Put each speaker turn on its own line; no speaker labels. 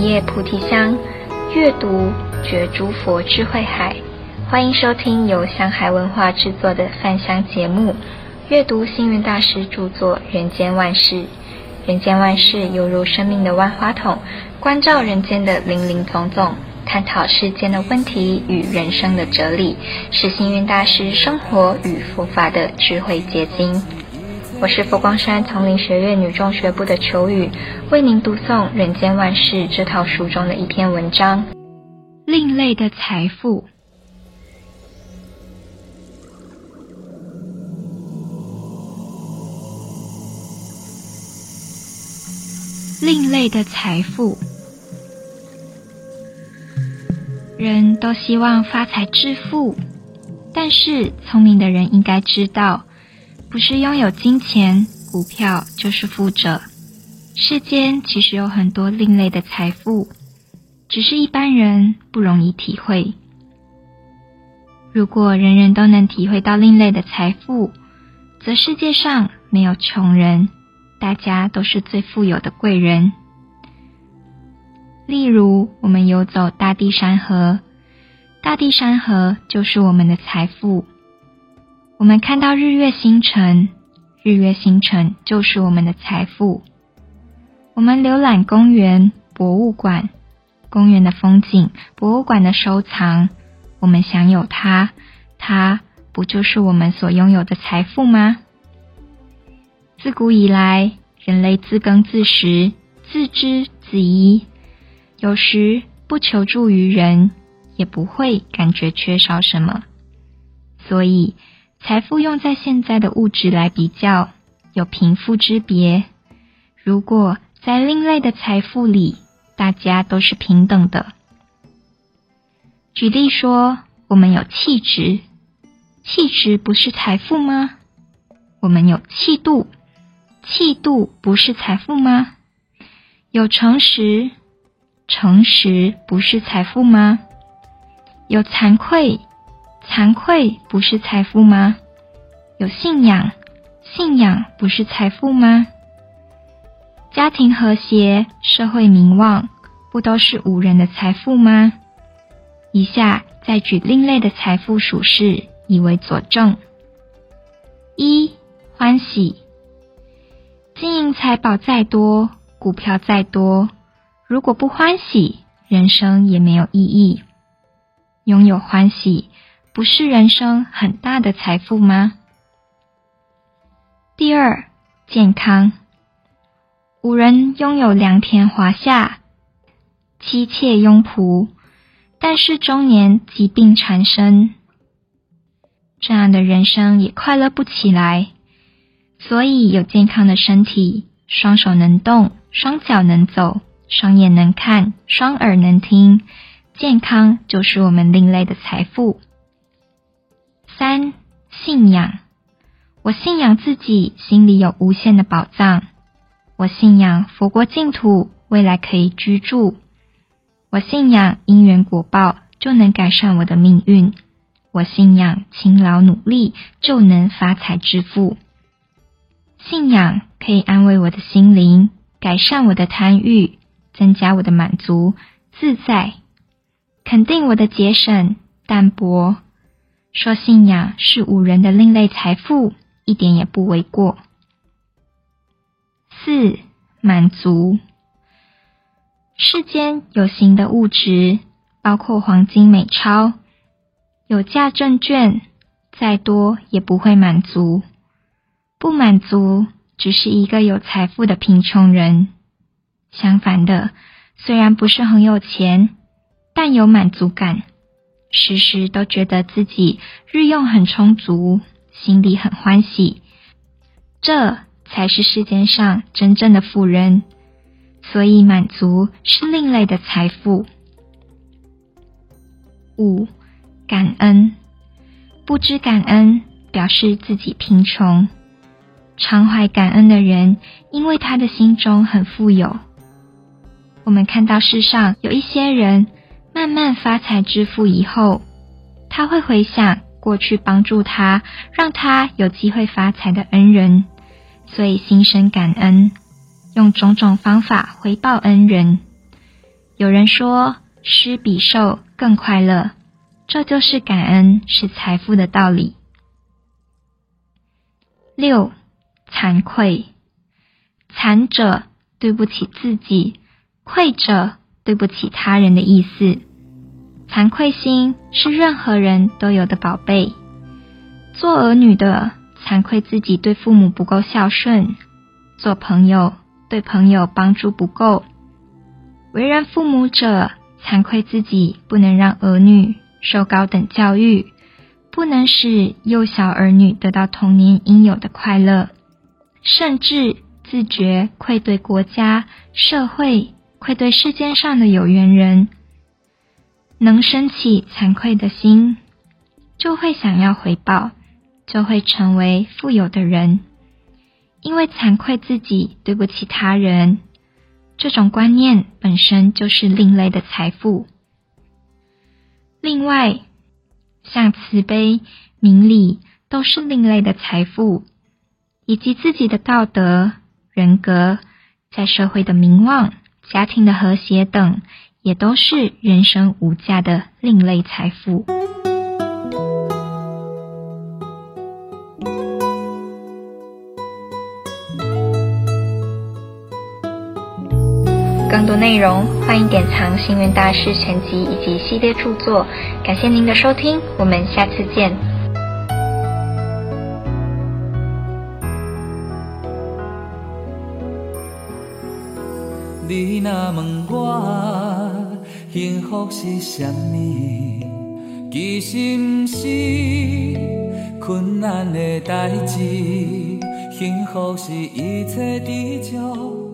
一葉菩提香，閱讀覺諸佛智慧海。歡迎收聽由香海文化製作的《FUN 香》節目，閱讀星雲大師著作《人間萬事》。人間萬事猶如生命的萬花筒，觀照人間的林林總總，探討世間的問題與人生的哲理，是星雲大師生活與佛法的智慧結晶。我是佛光山叢林學院女眾學部的秋雨，為您讀誦《人間萬事》這套書中的一篇文章——“另類的財富”。另類的財富，人都希望發財致富，但是聰明的人應該知道。不是擁有金錢、股票就是富者。世間其實有很多另類的財富，只是一般人不容易體會。如果人人都能體會到另類的財富，則世界上沒有窮人，大家都是最富有的貴人。例如，我們遊走大地山河，大地山河就是我們的財富。我們看到日月星辰，日月星辰就是我們的財富。我們瀏覽公園、博物館，公園的風景，博物館的收藏，我們享有它，它不就是我們所擁有的財富嗎？自古以來，人類自耕自食，自織自衣。有時不求助於人，也不會感覺缺少什麼。所以，財富用在現在的物質來比較，有貧富之別。如果在另類的財富裡，大家都是平等的。舉例說，我們有氣質，氣質不是財富嗎？我們有氣度，氣度不是財富嗎？有誠實，誠實不是財富嗎？有慚愧。慚愧不是財富嗎？有信仰，信仰不是財富嗎？家庭和諧，社會名望，不都是吾人的財富嗎？以下再舉另類的財富數事，以為佐證。一、歡喜。金銀財寶再多，股票再多，如果不歡喜，人生也沒有意義。擁有歡喜。不是人生很大的財富嗎？第二，健康。古人擁有良田華廈、妻妾傭僕，但是中年疾病纏身，這樣的人生也快樂不起來。所以，有健康的身體，雙手能動，雙腳能走，雙眼能看，雙耳能聽，健康就是我們另類的財富。三、信仰。我信仰自己心裡有無限的寶藏，我信仰佛國淨土未來可以居住，我信仰因緣果報就能改善我的命運，我信仰勤勞努力就能發財致富。信仰可以安慰我的心靈，改善我的貪欲，增加我的滿足自在，肯定我的節省淡泊。說信仰是吾人的另類財富，一點也不為過。四、滿足。世間有形的物質，包括黃金、美鈔、有價證券，再多也不會滿足。不滿足，只是一個有財富的貧窮人。相反的，雖然不是很有錢，但有滿足感。時時都覺得自己日用很充足，心裡很歡喜，這才是世間上真正的富人。所以，滿足是另類的財富。五、感恩，不知感恩表示自己貧窮。常懷感恩的人，因為他的心中很富有。我們看到世上有一些人。慢慢發財致富以後，他會回想過去幫助他、讓他有機會發財的恩人，所以心生感恩，用種種方法回報恩人。有人說，施比受更快樂，這就是感恩是財富的道理。六，慚愧，慚者對不起自己，愧者對不起他人的意思。慚愧心是任何人都有的寶貝。做兒女的，慚愧自己對父母不夠孝順；做朋友，對朋友幫助不夠；為人父母者，慚愧自己不能讓兒女受高等教育，不能使幼小兒女得到童年應有的快樂，甚至自覺愧對國家、社會，愧對世間上的有緣人。能升起慚愧的心，就會想要回報，就會成為富有的人。因為慚愧自己對不起他人，這種觀念本身就是另類的財富。另外，像慈悲、明理都是另類的財富，以及自己的道德、人格，在社會的名望、家庭的和諧等。也都是人生無價的另類財富。更多內容，歡迎典藏《星雲大師全集》以及系列著作。感謝您的收聽，我們下次見。你若問我幸福是啥物，其實不是困難的代志，幸福是一切知足。